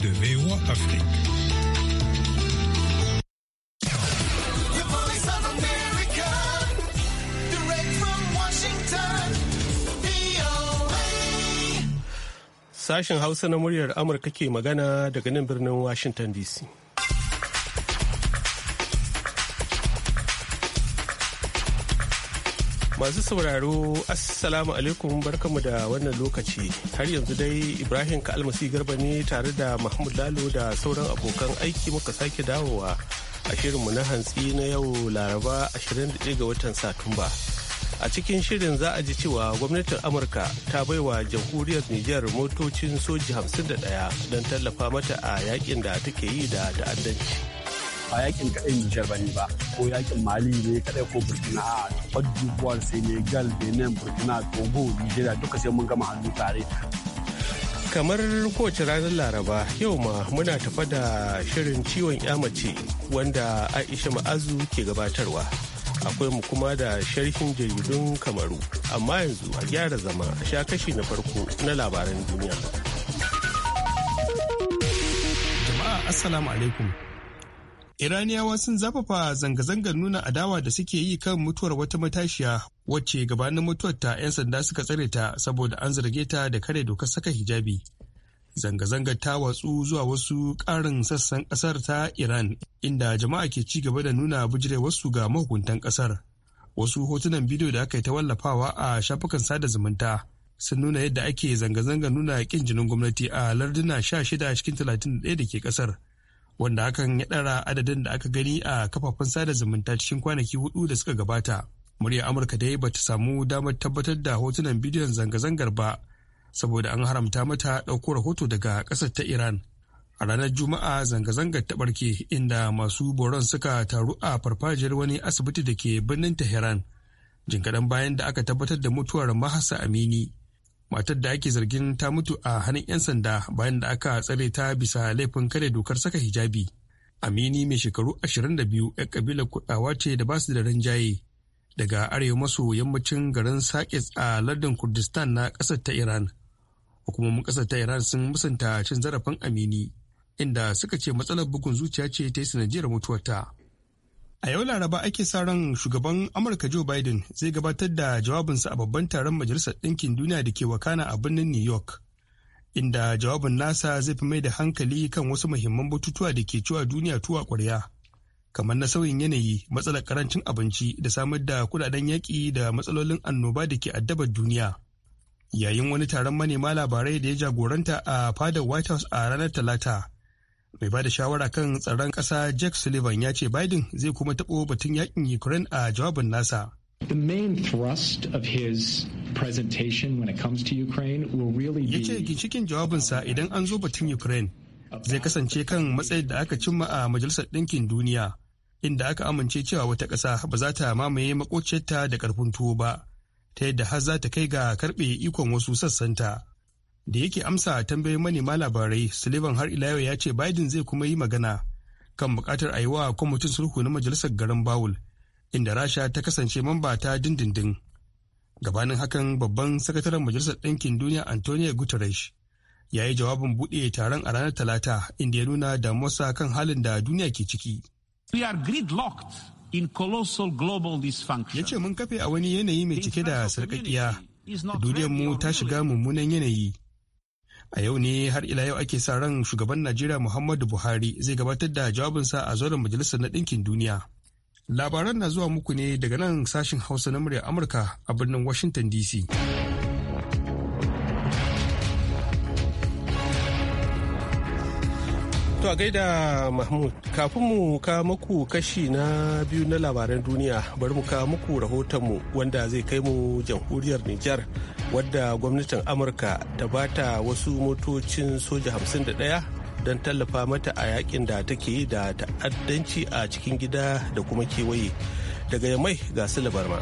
de VOA Afrique. Sashen Hausa na muryar Amurka ke magana daga nan birnin Washington DC. Masu sauraro Assalamu alaikum barkamu da wannan lokaci har yanzu dai Ibrahim ka Almasi Garba ne tare da Mahmud Lalo da sauran abokan aiki muka sake dawowa a shirinmu na hantsi na yau Laraba 21 ga watan Satumba. A cikin shirin za a ji cewa gwamnatin Amurka ta baiwa jamhuriyar Nijar motocin soji 51 don tallafa mata a yakin da take yi da ta'addanci. ba yakin kaɗai Nijar ba ne ba ko yakin Mali ne kaɗai ko Burkina a Cote d'Ivoire Senegal Benin Burkina Togo Nigeria duka sai mun gama hannu tare. Kamar kowace ranar Laraba yau ma muna tafa da shirin ciwon mace wanda Aisha Ma'azu ke gabatarwa. Akwai mu kuma da sharhin jaridun kamaru amma yanzu a gyara zama a sha kashi na farko na labaran duniya. Jama'a Assalamu alaikum. iraniyawa sun zafafa zanga-zangar nuna adawa da suke yi kan mutuwar wata matashiya wacce gabanin mutuwar ta 'yan sanda suka tsare ta saboda an zarge ta da kare dokar saka hijabi zanga-zangar ta watsu zuwa wasu ƙarin sassan ƙasar ta iran inda jama'a ke ci gaba da nuna bijirewarsu ga mahukuntan ƙasar wasu hotunan bidiyo da aka yi ta wallafawa a shafukan sada zumunta sun nuna yadda ake zanga zangar nuna ƙin jinin gwamnati a larduna 16 cikin 31 da ke ƙasar wanda hakan ya ɗara adadin da aka gani a kafafen sada zumunta cikin kwanaki hudu da suka gabata. Muryar Amurka dai ba ta samu damar tabbatar da hotunan bidiyon zanga-zangar ba, saboda an haramta mata ɗauko rahoto daga ƙasar ta Iran. A ranar Juma'a zanga-zangar ta ɓarke inda masu boron suka taru a farfajiyar wani asibiti da ke birnin Tehran. Jin bayan da aka tabbatar da mutuwar Mahasa Amini, matar da ake zargin ta mutu a hannun 'yan sanda bayan da aka tsare ta bisa laifin kare dokar saka hijabi amini mai shekaru 22 'yan kabilar kudawa ce da basu da ranjaye daga arewa maso yammacin garin sakis a lardin kurdistan na ƙasar ta iran hukumomin ƙasar ta iran sun musanta cin zarafin amini inda suka ce matsalar bugun zuciya ce ta yi sanadiyar mutuwarta A yau Laraba ake sa ran shugaban Amurka Joe Biden zai gabatar da jawabinsa a babban taron Majalisar Ɗinkin Duniya da ke wakana a birnin New York. Inda jawabin nasa zai fi mai da hankali kan wasu muhimman batutuwa da ke cewa duniya tuwa ƙwarya. Kamar na sauyin yanayi, matsalar karancin abinci da samar da kudaden yaƙi da matsalolin annoba da ke addabar duniya. Yayin wani taron manema labarai da ya jagoranta a fadar White House a ranar Talata, mai bada shawara kan tsaron ƙasa jack sullivan ya ce biden zai kuma taɓo batun yakin ukraine a jawabin nasa The main thrust of his presentation when it comes to Ukraine will really be... Yace ginshikin jawabinsa idan an zo batun Ukraine zai kasance kan matsayin da aka cimma a Majalisar Ɗinkin Duniya inda aka amince cewa wata ƙasa ba za ta mamaye makociyarta da ƙarfin tuwo ba ta yadda har za ta kai ga karɓe ikon wasu sassanta. da yake amsa tambayoyin manema labarai sullivan har ila yau ya ce biden zai kuma yi magana kan bukatar a yi wa kwamitin sulhu na majalisar garin bawul inda rasha ta kasance mamba ta dindindin gabanin hakan babban sakataren majalisar ɗinkin duniya antonio guterres ya yi jawabin buɗe taron a ranar talata inda ya nuna damuwarsa kan halin da duniya ke ciki ya ce mun kafe a wani yanayi mai cike da sarƙaƙiya duniyarmu ta shiga mummunan yanayi a yau ne har ila yau ake sa ran shugaban najeriya muhammadu buhari zai gabatar da jawabinsa a zauren majalisar na ɗinkin duniya labaran na zuwa muku ne daga nan sashin hausa na murya amurka a birnin washington dc To a gaida Mahmud, kafin mu ka muku kashi na biyu na labaran duniya bari mu ka muku rahotonmu wanda zai kai mu jamhuriyar Nijar wadda gwamnatin Amurka ta bata wasu motocin soja 51 don tallafa mata a yakin da take yi da ta'addanci a cikin gida da kuma kewaye. Daga yamai ga su ma.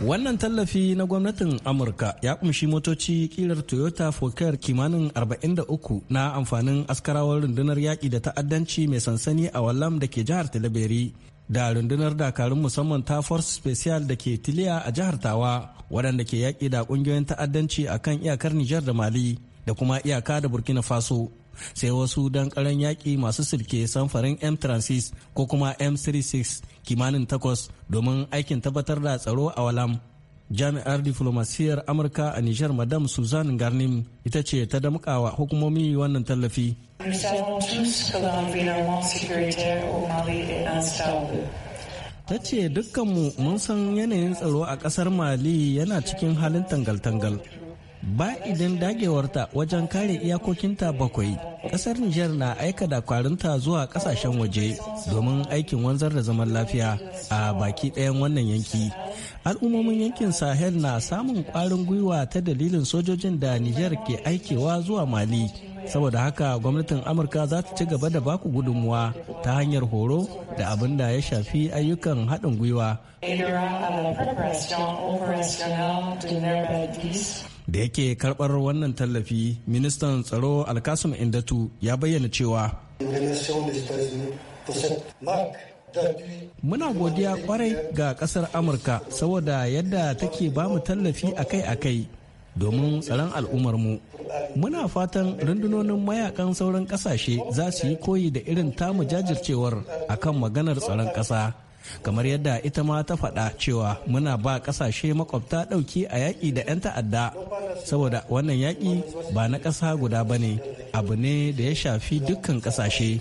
Wannan tallafi na gwamnatin Amurka ya kumshi motoci kilar Toyota Fokker kimanin 43 na amfanin askarawar rundunar yaƙi da ta'addanci mai sansani a Wallam da ke jihar Talabiri da rundunar dakarun musamman ta Force Special da ke Tiliya a jihar Tawa waɗanda ke yaƙi da ƙungiyoyin ta'addanci a kan iyakar Nijar da Mali da kuma iyaka da Burkina Faso. sai wasu dan dankaran yaƙi masu silke samfarin m36 ko kuma m36 kimanin takwas domin aikin tabbatar da tsaro a walam jami'ar diflomasiyyar amurka a nijar madam suzanne garnim ita ce ta wa hukumomi wannan tallafi ta ce dukkanmu mun san yanayin tsaro a ƙasar mali yana cikin halin tangal-tangal ba idan dagewarta wajen kare iyakokinta bakwai kasar Nijar na aika da kwarinta zuwa kasashen waje domin aikin wanzar da zaman lafiya a baki ɗayan wannan yanki al'ummomin yankin sahel na samun kwarin gwiwa ta dalilin sojojin da Nijar ke aikewa zuwa mali saboda haka gwamnatin amurka za ta ci gaba da baku gudunmuwa ta hanyar horo da abin da ya shafi ayyukan haɗin gwiwa da yake karbar wannan tallafi ministan tsaro alkasum indatu ya bayyana cewa Muna godiya kwarai ga kasar Amurka saboda yadda take ba mu tallafi akai-akai domin tsaron al'ummarmu. Muna fatan rundunonin mayakan sauran kasashe za su yi koyi da irin tamu jajircewar akan maganar tsaron ƙasa. kamar yadda ita ma ta faɗa cewa muna ba ƙasashe makwabta ɗauki a yaƙi da 'yan ta'adda saboda wannan yaƙi ba na ƙasa guda ba ne abu ne da ya shafi dukkan ƙasashe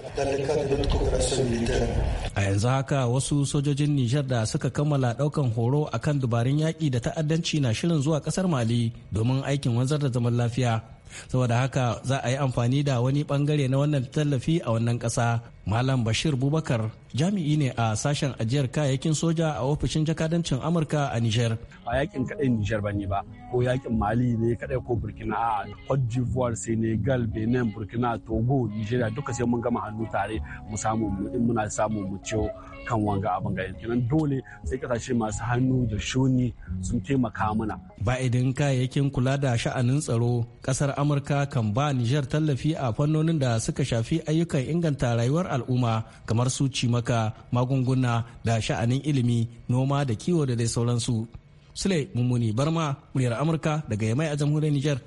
a yanzu haka wasu sojojin nijar da suka kammala ɗaukan horo akan dubarun yaƙi da ta'addanci na shirin zuwa ƙasar mali domin aikin wanzar da zaman lafiya saboda haka za a yi amfani da wani bangare na wannan tallafi a wannan kasa malam bashir bubakar jami'i ne a sashen ajiyar kayayyakin soja a ofishin jakadancin amurka a niger ba yakin kadai niger ba ne ba ko yakin mali ne kadai ko burkina a cote d'ivoire senegal benin burkina togo nigeria duka sai mun gama hannu tare mu samu in muna samu mu ciwo kan wanga abin ga kenan dole sai kasashe masu hannu da shuni sun taimaka mana ba idan kayayyakin kula da sha'anin tsaro kasar amurka kan ba niger tallafi a fannonin da suka shafi ayyukan inganta rayuwar al'umma kamar su cimaka magunguna da sha'anin ilimi noma da kiwo da dai sauransu sule mummuni barma muryar amurka daga yamai a jamhuriyar nijar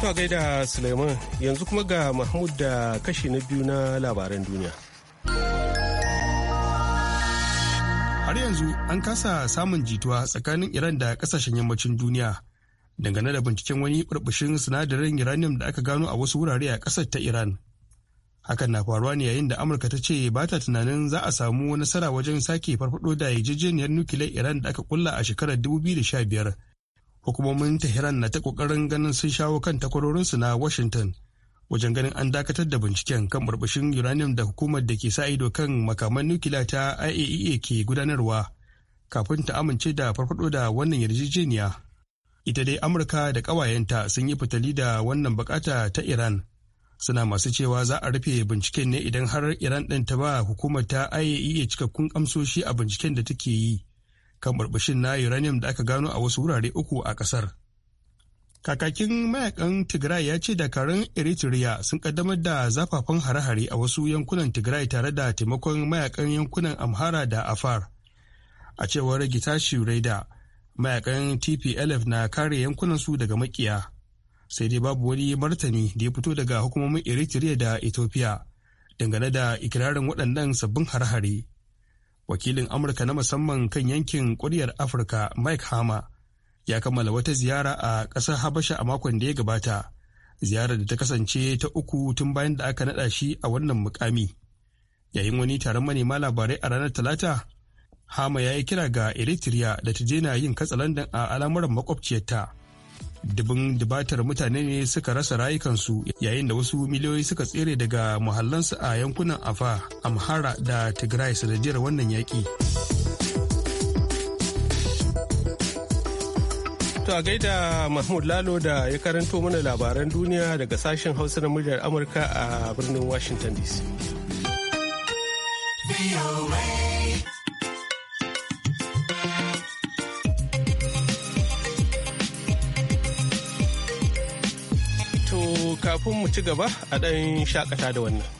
To gaida Suleiman yanzu kuma ga Mahmud da kashi na biyu na labaran duniya. Har yanzu an kasa samun jituwa tsakanin Iran da kasashen yammacin duniya dangane da binciken wani burbushin sinadarin uranium da aka gano a wasu wurare a ƙasar ta Iran. Hakan na faruwa ne yayin da Amurka ta ce ba ta tunanin za a samu nasara wajen sake farfado da yarjejeniyar nukiliyar Iran da aka kulla a shekarar 2015 hukumomin tehran na ta kokarin ganin sun shawo kan takwarorinsu na washington wajen ganin an dakatar da binciken kan burbushin uranium da hukumar da ke sa ido kan makaman nukiliya ta iaea e ke gudanarwa kafin ta amince da farfado da wannan yarjejeniya ita dai amurka da ƙawayenta sun yi fitali da wannan bukata ta iran suna masu cewa za a rufe binciken ne idan har iran ɗin ta ba hukumar ta iaea e cikakkun amsoshi a binciken da take yi kan burbushin na uranium da aka gano a wasu wurare uku a kasar. Kakakin mayakan Tigray ya ce dakarun Eritrea sun kaddamar da zafafan hare-hare a wasu yankunan Tigray tare da taimakon mayakan yankunan Amhara da Afar. A cewar Gitashi Reda, mayakan TPLF na kare yankunan su daga makiya. Sai dai babu wani martani da ya fito daga hukumomin Eritrea da Ethiopia dangane da ikirarin waɗannan sabbin hare-hare. wakilin amurka na musamman kan yankin kuryar afirka mike hama ya kammala wata ziyara a ƙasar habasha a makon da ya gabata ziyarar da ta kasance ta uku tun bayan da aka naɗa shi a wannan mukami yayin wani taron manema labarai a ranar talata hama ya yi kira ga eritrea da ta jena yin katsalandan a al'amuran makwabciyarta dubin dubatar mutane ne suka rasa rayukansu yayin da wasu miliyoyi suka tsere daga muhallansu a yankunan afa amhara da tigray sanadiyar wannan yaƙi to a gaida mahmud lalo da ya karanto mana labaran duniya daga sashen hausa na muryar amurka a birnin washington dc kafin mu ci gaba a ɗan shakata da wannan.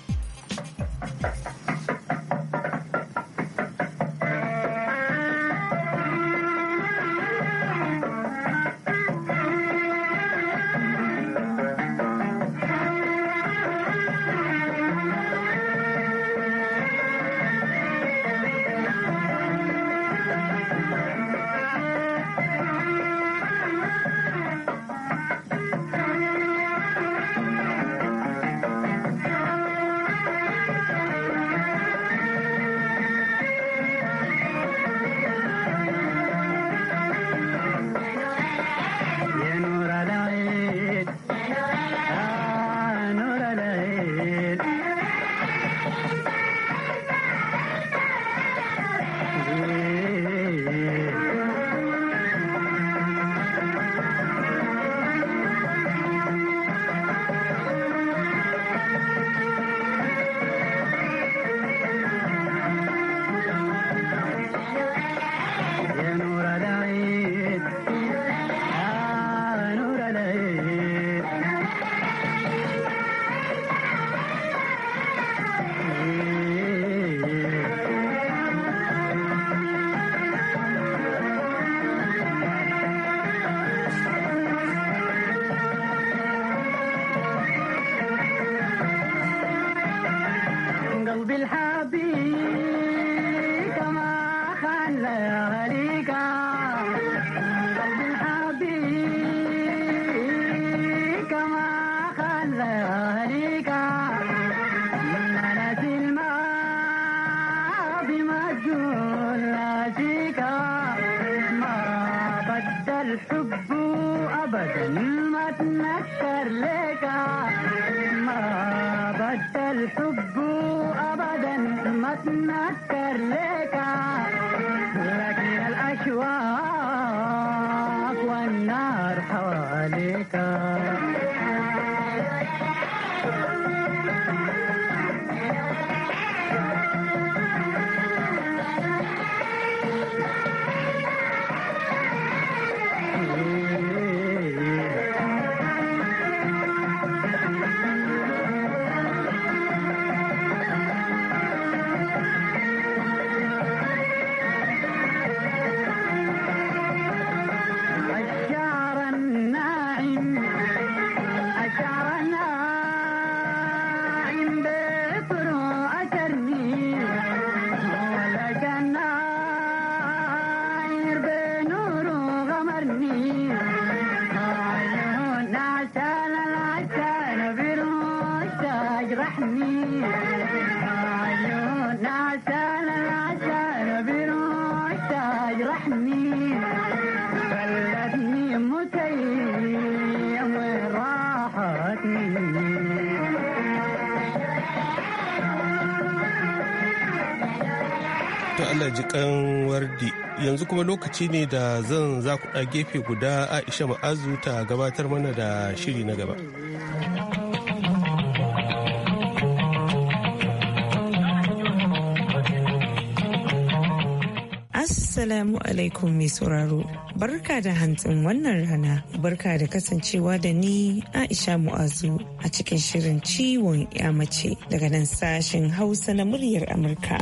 to Allah ji kan wardi yanzu kuma lokaci ne da zan za ku ɗa gefe guda Aisha Ma'azu ta gabatar mana da shiri na gaba. Assalamu alaikum mai sauraro. Barka da hantsin wannan rana. Barka da kasancewa da ni Aisha Mu'azu a cikin shirin ciwon ya mace daga nan sashen Hausa na muryar Amurka.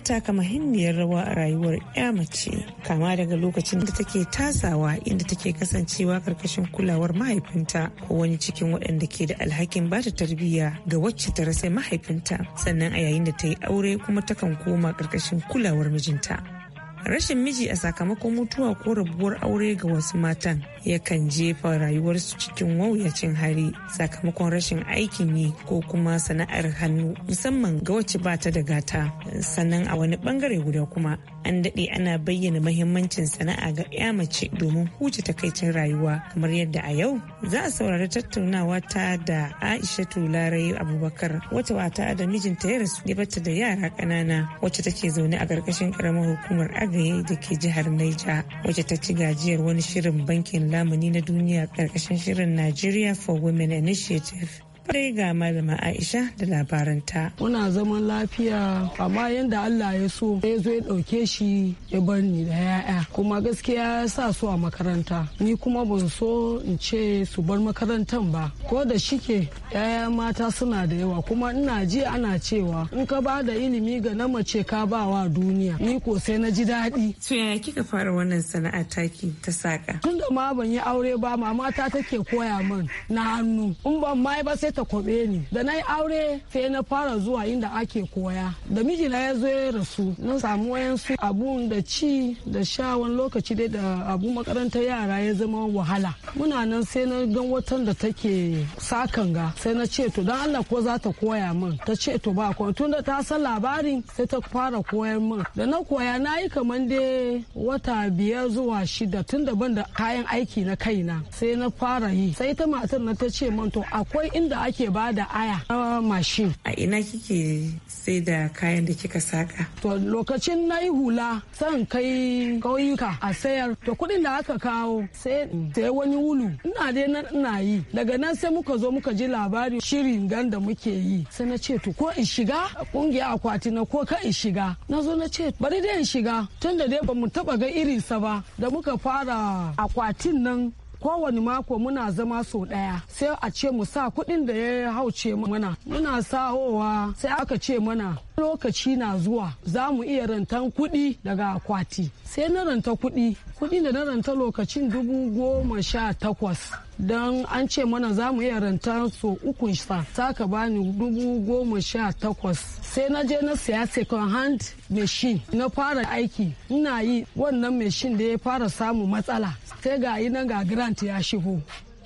taka mahimmiyar rawa a rayuwar 'ya mace kama daga lokacin da take tasawa inda take kasancewa karkashin kulawar mahaifinta ko wani cikin waɗanda ke da alhakin ba ta tarbiyya ga wacce ta rasa mahaifinta sannan a yayin da ta yi aure kuma takan koma karkashin kulawar mijinta rashin miji a sakamakon mutuwa ko rabuwar aure ga wasu matan yakan jefa rayuwarsu cikin wauyacin hari sakamakon rashin aikin yi ko kuma sana'ar hannu musamman ga wacce ba ta da gata sannan a wani bangare guda kuma an daɗe ana bayyana mahimmancin sana'a ga 'ya mace domin huce takaicin rayuwa kamar yadda a yau za a saurari tattaunawa ta da aishatu larai abubakar wata wata da mijinta ya rasu ya bata da yara ƙanana wacce take zaune a ƙarƙashin ƙaramar hukumar agaye da ke jihar naija wacce ta ci gajiyar wani shirin bankin lamuni na duniya ƙarƙashin shirin nigeria for women initiative Kwafre ga Malama Aisha da labaranta. Muna zaman lafiya amma yadda Allah ya so ya zo ya ɗauke shi ya bar ni da ya'ya kuma gaskiya ya sa su a makaranta ni kuma ban so in ce su bar makarantan ba ko da shike ya'ya mata suna da yawa kuma ina ji ana cewa in ka ba da ilimi ga na mace ka ba wa duniya ni ko sai na ji daɗi. To yaya kika fara wannan sana'a taki ta saka? Tun da ma ban yi aure ba mama ta take koya min na hannu in ban ma ba sai ta kwabe ni da na yi aure sai na fara zuwa inda ake koya da mijina ya zo ya rasu na samu wayansu abun da ci da sha wani lokaci dai da abu makarantar yara ya zama wahala muna nan sai na gan watan da take sakan ga sai na ce to don allah ko za ta koya min ta ce to ba ko tun da ta san labarin sai ta fara koyar min da na koya na yi kamar dai wata biyar zuwa shida tun da ban da kayan aiki na kaina sai na fara yi sai ta matar na ta ce min to akwai inda ake ba da aya na mashin. A ina kike sai da kayan da kika saka? To lokacin na yi hula san kai kauyuka a sayar to kuɗin da aka kawo sai sai wani wulu ina dai nan ina yi daga nan sai muka zo muka ji labari shirin gan da muke yi sai na ce to ko in shiga kungiya akwati na ko ka in shiga na zo na ce bari dai in shiga tunda dai bamu taba ga irinsa ba da muka fara akwatin nan kowane mako muna zama sau ɗaya sai a ce mu sa kuɗin da ya hauce mana muna sahowa sai aka ce mana lokaci na zuwa za mu iya rantan kuɗi daga akwati sai na ranta kuɗi kuɗi da na ranta lokacin dubu goma sha takwas don an ce mana za mu iya ranta so ukun sa saka bani dubu goma sha takwas sai na je na siya second hand machine na fara aiki ina yi wannan machine da ya fara samu matsala sai ga yi nan ga grant ya shigo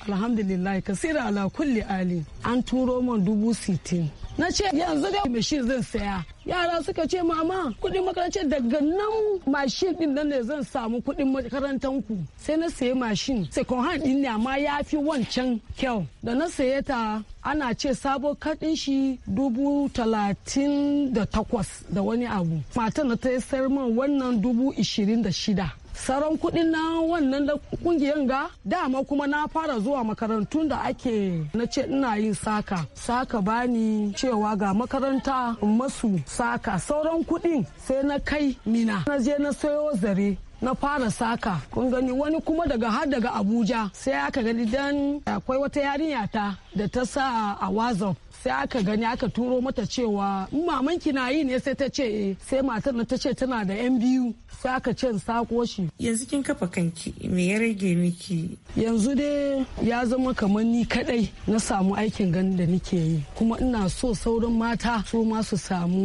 alhamdulillah kasira ala kulli ali an turo man dubu sittin. na ce yanzu dai mashin zan saya yara suka ce mama kudin makaranta daga nan mashin din nan ne zan samu kudin makarantar ku sai na sayi mashin second hand din ne amma ya fi wancan kyau da na saye ta ana ce sabo kadin shi dubu talatin da takwas da wani abu matan na ta sayar man wannan dubu ishirin da shida saron kudin na wannan da kungiyan ga dama kuma na fara zuwa makarantun da ake na ce ina yin saka saka bani cewa ga makaranta masu saka sauran kudin sai na kai mina na je na sayo zare na fara saka kun gani wani kuma daga har daga abuja sai aka gani dan akwai wata yarinya ta da ta sa a wazaf sai aka gani aka turo mata cewa mamanki na yi ne sai ta ce eh. sai matar ta ce tana da yan biyu sai aka ce sako shi yanzu kin kafa kanki me ya rage miki yanzu dai ya zama kamar ni kadai na samu aikin gani da nike yi kuma ina so sauran mata su ma su samu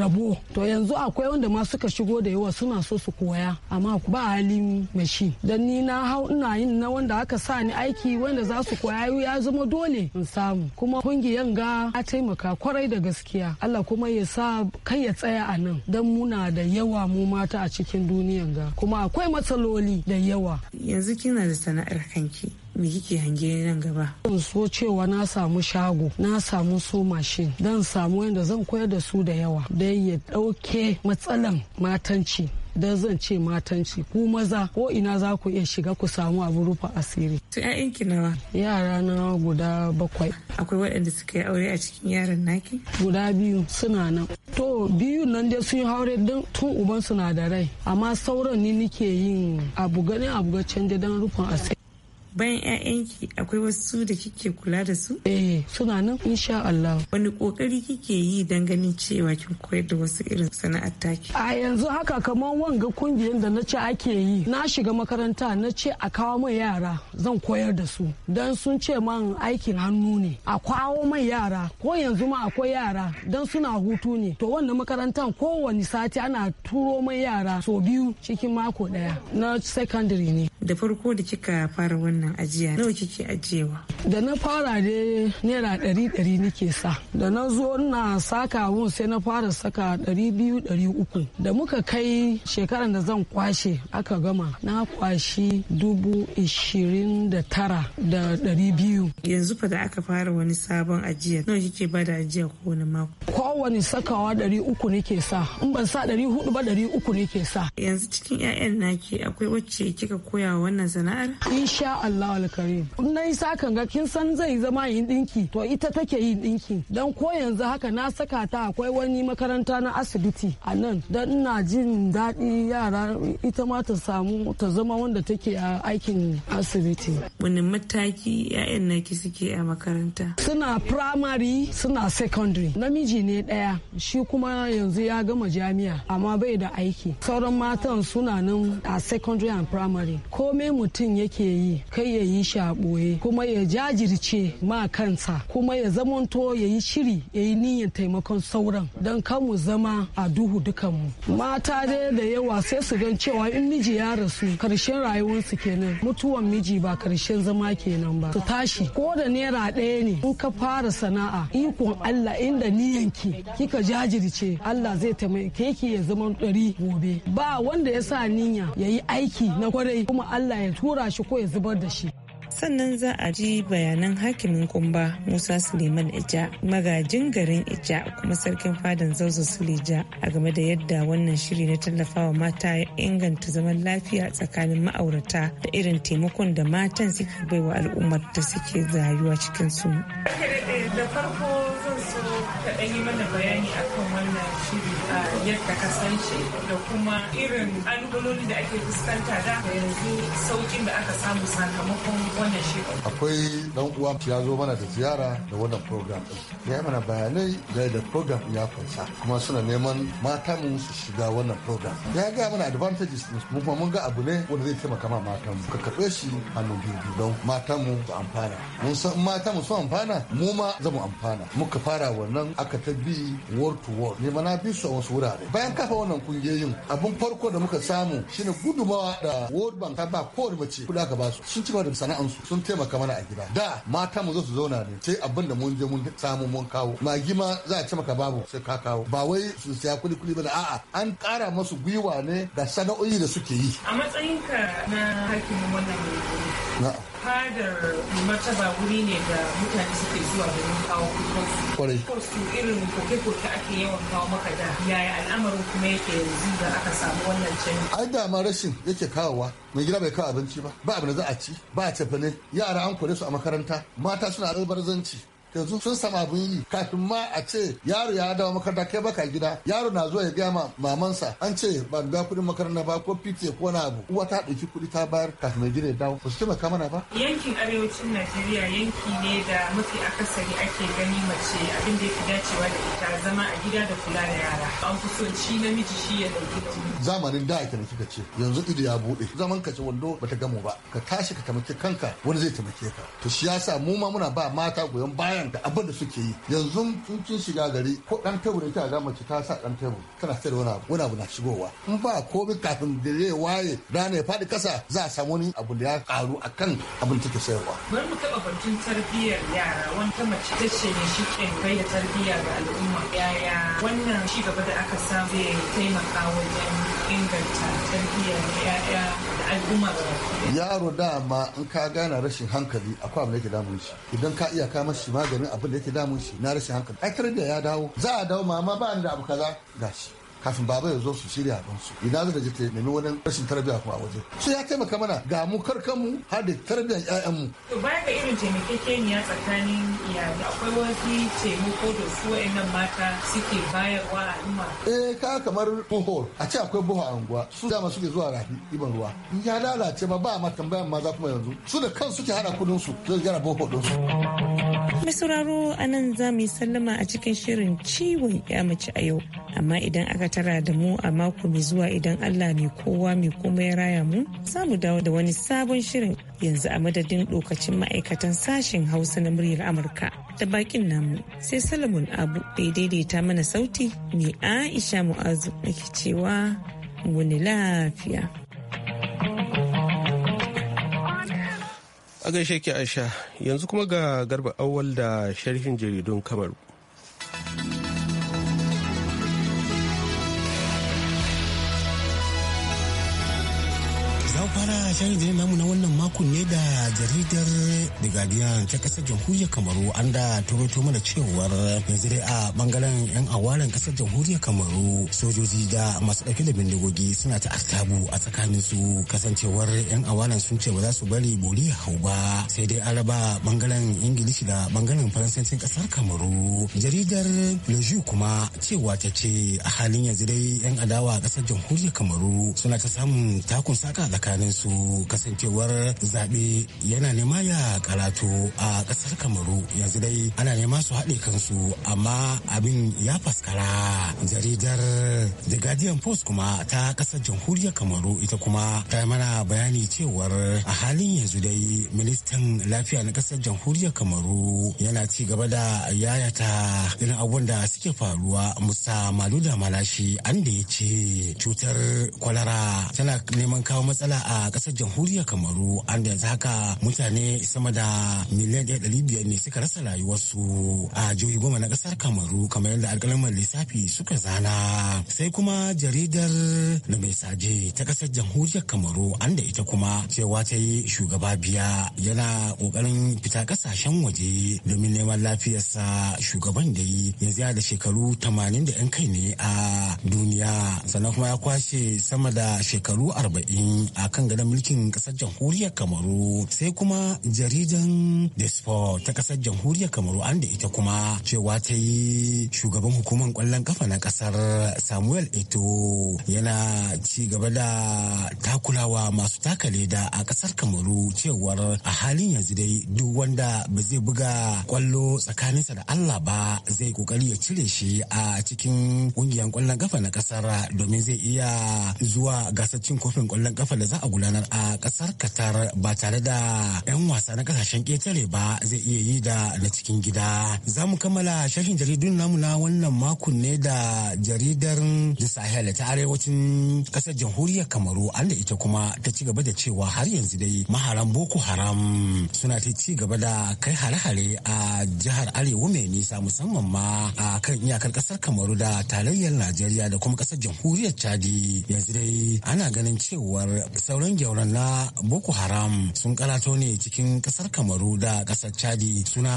rabo to yanzu akwai wanda ma suka shigo da yawa suna so su koya amma ba halin mashi dan ni na hau ina yin na wanda aka sa ni aiki wanda za su koya ya zama dole in samu kuma kungiyan ga a taimaka kwarai da gaskiya Allah kuma ya sa kai ya tsaya a nan don muna da yawa mu mata a cikin duniyan ga kuma akwai matsaloli da yawa yanzu kina da sana'ar kanki me kike hange nan gaba zan so cewa na samu shago na samu so mashin dan samu yadda zan koyar da su da yawa dai ya dauke matsalan matanci don zan ce matanci ku maza ko ina za ku iya shiga ku samu abu rufa asiri. Su ƴaƴan ki nawa? Yara na guda bakwai. Akwai waɗanda suka yi aure a cikin yaran naki? Guda biyu suna nan. To biyu nan dai sun yi haure don tun uban suna da rai amma sauran ni nike yin abu ganin abu ga canje don rufin asiri. bayan 'ya'yanki akwai wasu da kike kula da su? Eh, suna nan insha Allah. Wani kokari kike yi don ganin cewa kin koyar da wasu irin sana'ar taki? A yanzu haka kamar wanga kungiyar da na ce ake yi, na shiga makaranta na ce a kawo mai yara zan koyar da su. Don sun ce man aikin hannu ne. A kawo mai yara, ko yanzu ma akwai yara don suna hutu ne. To wannan makarantar kowane sati ana turo mai yara sau biyu cikin mako daya na secondary ne. Da farko da kika fara wannan wannan ajiya nawa kike ajiyewa da na fara ne naira ɗari ɗari nake sa da na zo na saka mun sai na fara saka ɗari biyu ɗari uku da muka kai shekaran da zan kwashe aka gama na kwashi dubu ishirin da tara da ɗari biyu yanzu fa da aka fara wani sabon ajiya nawa kike ba da ajiya kowane mako kowane sakawa ɗari uku nake sa in ban sa ɗari hudu ba ɗari uku nake sa yanzu cikin 'ya'yan naki akwai wacce kika koya wannan sana'ar insha Allah alkarim in na yi sakan ga kin san zai zama yin dinki to ita take yin dinki dan ko yanzu haka na saka ta akwai wani makaranta na asibiti a nan dan ina jin daɗi yara ita ma ta samu ta zama wanda take a aikin asibiti wani mataki ya'yan na ki suke a makaranta suna primary suna secondary namiji ne ɗaya shi kuma yanzu ya gama jami'a amma bai da aiki sauran matan suna nan a secondary and primary komai mutum yake yi kai ya yi shi kuma ya jajirce ma kansa kuma ya zamanto ya yi shiri ya yi niyyar taimakon sauran don kanmu zama a duhu dukanmu mata dai da yawa sai su gan cewa in miji ya rasu karshen rayuwarsu kenan mutuwan miji ba karshen zama kenan ba su tashi ko da naira ɗaya ne in ka fara sana'a ikon Allah inda ki kika jajirce Allah zai taimake ki ya zama ɗari gobe ba wanda ya sa niyya ya yi aiki na kwarai kuma Allah ya tura shi ko ya zubar da shi sannan za a ji bayanan hakimin kumba musa suleiman ija magajin garin ija kuma sarkin fadan zauzu suleja a game da yadda wannan shiri na tallafawa mata ya inganta zaman lafiya tsakanin ma'aurata da irin taimakon da matan suke baiwa al'ummar da suke rayuwa cikin su. Eh, ka yi mana bayani akan wannan shiri a yadda ka san shi da kuma irin da ake fuskanta da yanzu saukin da aka samu sakamakon akwai dan uwa ya zo mana da ziyara da wannan program ya yi mana bayanai da da program ya kunsa kuma suna neman mata mu su shiga wannan program ya ga mana advantages mu kuma mun ga abu ne wanda zai taimaka ma mata mu ka karbe shi hannu biyu don mata mu su amfana mun san mata mu su amfana mu ma za mu amfana muka fara wannan aka ta bi word to word ne mana bi su a wasu wurare bayan kafa wannan kungiyoyin abun farko da muka samu shine gudumawa da world bank ta ba kowane mace kuɗa ka ba su sun ci da sana'ansu sun taimaka mana a gida da mata mu zo su zauna ne sai abin da mun je mun samu mun kawo magi ma za a ci maka babu sai ka kawo ba wai su siya kuli kuli ba a'a an kara masu gwiwa ne ga sana'o'i da suke yi a matsayinka na hakimin wannan na'am fadar martaba wuri ne da mutane suke zuwa domin kawo kukansu. Kostu irin koke-koke ake yawan kawo maka da yaya al'amarin kuma yake yanzu da aka samu wannan canji. Ai dama rashin yake kawowa mai gida bai kawo abinci ba ba abin da za a ci ba a tafi ne yara an kore su a makaranta mata suna albarzanci yanzu sun sama abin yi kafin ma a ce yaro ya dawo makaranta kai baka gida yaro na zuwa ya gaya ma mamansa an ce ba da kudin makaranta ba ko pite ko na abu uwa ta ɗauki kudi ta bayar kafin mai gida ya dawo ba su taimaka mana ba. yankin arewacin najeriya yanki ne da mafi akasari ake gani mace abin da ya dacewa da ita zama a gida da kula da yara an fi so shi namiji shi ya ɗauki zamanin da ake kika ce yanzu ido ya buɗe zaman ka ce wando bata gamu ba ka tashi ka taimaki kanka wani zai taimake ka to shi yasa mu ma muna ba mata goyon baya karanta abin da suke yi yanzu sun kin shiga gari ko dan tebur ita ga mace ta sa dan tebur tana sayar wani abu wani abu na shigowa in ba komai kafin da zai waye rana ya faɗi kasa za a samu wani abu da ya karu akan abin take sayarwa bari mu taɓa batun tarbiyyar yara wata mace ta ce ne shi ke bai da tarbiyya ga al'umma yaya wannan ci gaba da aka samu zai taimaka wajen inganta yaro dama in ka gana rashin hankali akwai abin da yake damun shi idan ka iya kama shi maganin abin da yake damun shi na rashin hankali ai da ya dawo za a dawo mama ba da abu kaza gashi kafin baba ya zo su shirya don su ina zai je ta nemi wani rashin tarbiyya kuma a waje su ya taimaka mana ga mu karkanmu har da tarbiyyar mu. to baya ga irin taimakekeniya tsakanin iyali akwai wasu taimako da su wa'annan mata suke bayarwa a al'umma. eh ka kamar buhol a ce akwai buhol a unguwa su dama suke zuwa rafi ɗiban ruwa in ya lalace ba ba ma tambayan maza kuma yanzu su da kansu suke hada kudin su su gyara buhol din su. mai sauraro a za mu yi sallama a cikin shirin ciwon ya mace a yau amma idan aka tara da mu a mako mai zuwa idan Allah mai kowa mai kuma ya raya mu za dawo da wani sabon shirin yanzu a madadin lokacin ma'aikatan sashen hausa na muryar amurka da bakin namu sai salamun abu da daidaita mana sauti mai aisha mu'azu nake cewa wani lafiya a gaishe ki aisha yanzu kuma ga garba awal da sharhin jaridun kamaru fara da namu na wannan makon ne da jaridar The Guardian ta kasar jamhuriyar Kamaru an da turoto mana cewar yanzu dai a bangaren yan awaren kasar jamhuriyar Kamaru sojoji da masu ɗauke da bindigogi suna ta artabu a tsakanin su kasancewar yan awaren sun ce ba za su bari bori ya hau ba sai dai an raba bangaren Ingilishi da bangaren Faransancin kasar Kamaru jaridar Le kuma cewa ta ce a halin yanzu dai yan adawa kasar jamhuriyar Kamaru suna ta samun takun saka tsakanin su kasancewar zaɓe yana nema ya karatu a ƙasar kamaru yanzu dai ana nema su haɗe kansu amma abin ya faskara jaridar the guardian post kuma ta ƙasar jamhuriyar kamaru ita kuma ta mana bayani cewar a halin yanzu dai ministan lafiya na ƙasar jamhuriyar kamaru yana ci gaba da yayata irin abubuwan da suke faruwa musa da malashi an da ya ce cutar kwalara tana neman kawo matsala a ƙasar ƙasar jamhuriyar kamaru an da yanzu haka mutane sama da miliyan ɗaya ɗari biyar ne suka rasa rayuwarsu a jihohi goma na ƙasar kamaru kamar yadda alƙalamar lissafi suka zana sai kuma jaridar da mai saje ta ƙasar jamhuriyar kamaru an da ita kuma cewa ta yi shugaba biya yana ƙoƙarin fita ƙasashen waje domin neman lafiyarsa shugaban da yi yanzu ya da shekaru tamanin da 'yan kai ne a duniya sannan kuma ya kwashe sama da shekaru arba'in a kan gadon mulkin kasar jamhuriyar kamaru sai kuma jaridan sport ta kasar jamhuriyar kamaru an da ita kuma cewa ta yi shugaban hukumar kwallon kafa na kasar samuel eto yana ci gaba da takulawa masu taka leda a kasar kamaru cewar a halin yanzu dai duk wanda ba zai buga kwallo tsakaninsa da allah ba zai kokari ya cire shi a cikin kungiyar kwallon kafa na kasar domin zai iya zuwa gasar cin kofin kwallon kafa da za a gudanar a kasar Qatar ba tare da 'yan wasa na kasashen ƙetare ba zai iya yi da na cikin gida. Za mu kammala shashin jaridun namu na wannan makon ne da jaridar da Sahel ta arewacin kasar jamhuriyar Kamaru an da ita kuma ta ci gaba da cewa har yanzu dai maharan Boko Haram suna ta ci gaba da kai hare-hare a jihar Arewa mai nisa musamman ma a kan iyakar kasar Kamaru da tarayyar Najeriya da kuma kasar jamhuriyar Chadi yanzu dai ana ganin cewar sauran tsauran na Boko Haram sun karato ne cikin kasar Kamaru da kasar Chadi suna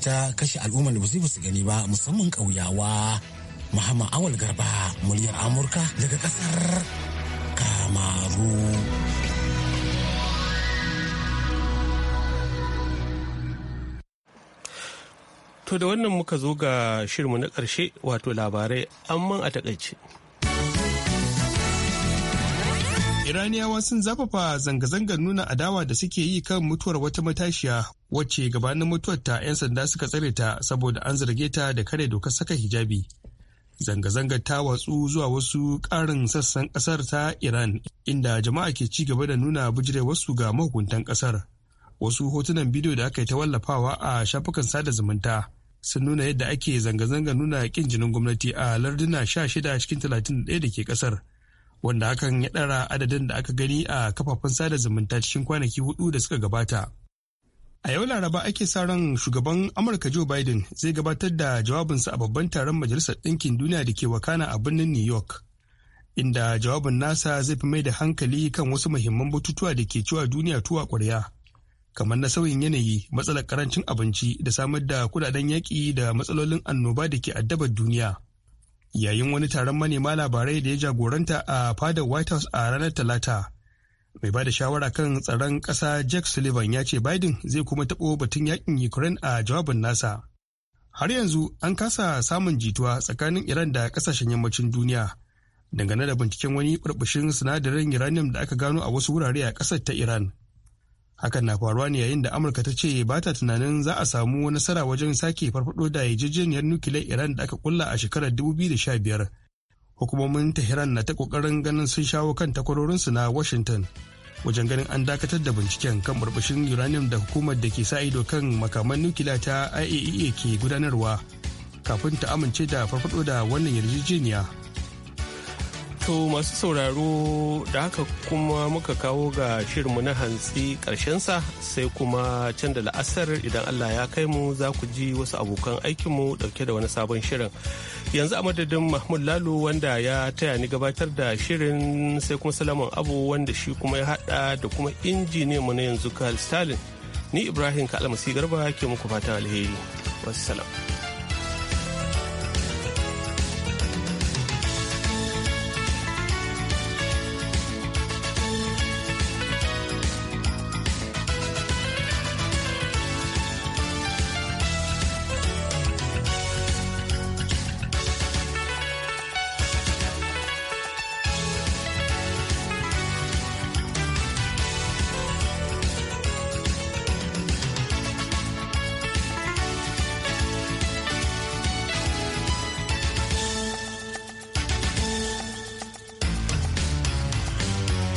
ta kashe al'umma da ba su gani ba musamman ƙauyawa. Muhammad Awal Garba muryar Amurka daga kasar Kamaru. To da wannan muka zo ga shirmu na ƙarshe wato labarai amma a takaice. iraniyawa sun zafafa zanga-zangar nuna adawa da suke yi kan mutuwar wata matashiya wacce gabanin ta 'yan sanda suka tsare ta saboda an zarge ta da kare dokar saka hijabi zanga-zangar ta watsu zuwa wasu ƙarin sassan ƙasar ta iran inda jama'a ke ci gaba da nuna wasu ga mahukuntan kasar wasu hotunan bidiyo da aka yi ta wallafawa a shafukan sada zumunta sun nuna yadda ake zanga-zanga nuna ƙin jinin gwamnati a larduna 16 cikin 31 da ke ƙasar wanda hakan ya ɗara adadin da aka gani a kafafen sada zumunta cikin kwanaki hudu da suka gabata. A yau Laraba ake sa ran shugaban Amurka Joe Biden zai gabatar da jawabinsa a babban taron Majalisar Ɗinkin Duniya da ke wakana a birnin New York, inda jawabin nasa zai fi mai da hankali kan wasu muhimman batutuwa da ke cewa duniya tuwa ƙwarya, kamar na sauyin yanayi, matsalar karancin abinci da samar da kudaden yaƙi da matsalolin annoba da ke addabar duniya. yayin wani taron manema labarai da ya jagoranta a fadar white house a ranar talata mai ba da shawara kan tsaron ƙasa jack sullivan ya ce biden zai kuma taɓo batun yakin ukraine a jawabin nasa har yanzu an kasa samun jituwa tsakanin iran da ƙasashen yammacin duniya dangane da binciken wani burbushin sinadarin uranium da aka gano a wasu wurare a ƙasar ta iran hakan na faruwa ne yayin da amurka ta ce ba ta tunanin za a samu nasara wajen sake farfado da yarjejeniyar nukiliyar iran da aka kulla a shekarar 2015 hukumomin tehran na ta kokarin ganin sun shawo kan takwarorinsu na washington wajen ganin an dakatar da binciken kan barbashin uranium da hukumar da ke sa ido kan makaman nukiliya ta iaea e ke gudanarwa kafin ta amince da farfado da wannan yarjejeniya To masu sauraro da haka kuma muka kawo ga shirinmu na hantsi sa sai kuma can da la'asar idan Allah ya kai mu za ku ji wasu abokan aikinmu ɗauke da wani sabon shirin. Yanzu a madadin Mahmud Lalo wanda ya taya ni gabatar da shirin sai kuma Salamun Abu wanda shi kuma ya haɗa da kuma mu na yanzu Carl Stalin. Ni Ibrahim Ka'almasi Garba ke muku fatan alheri. Wassalam.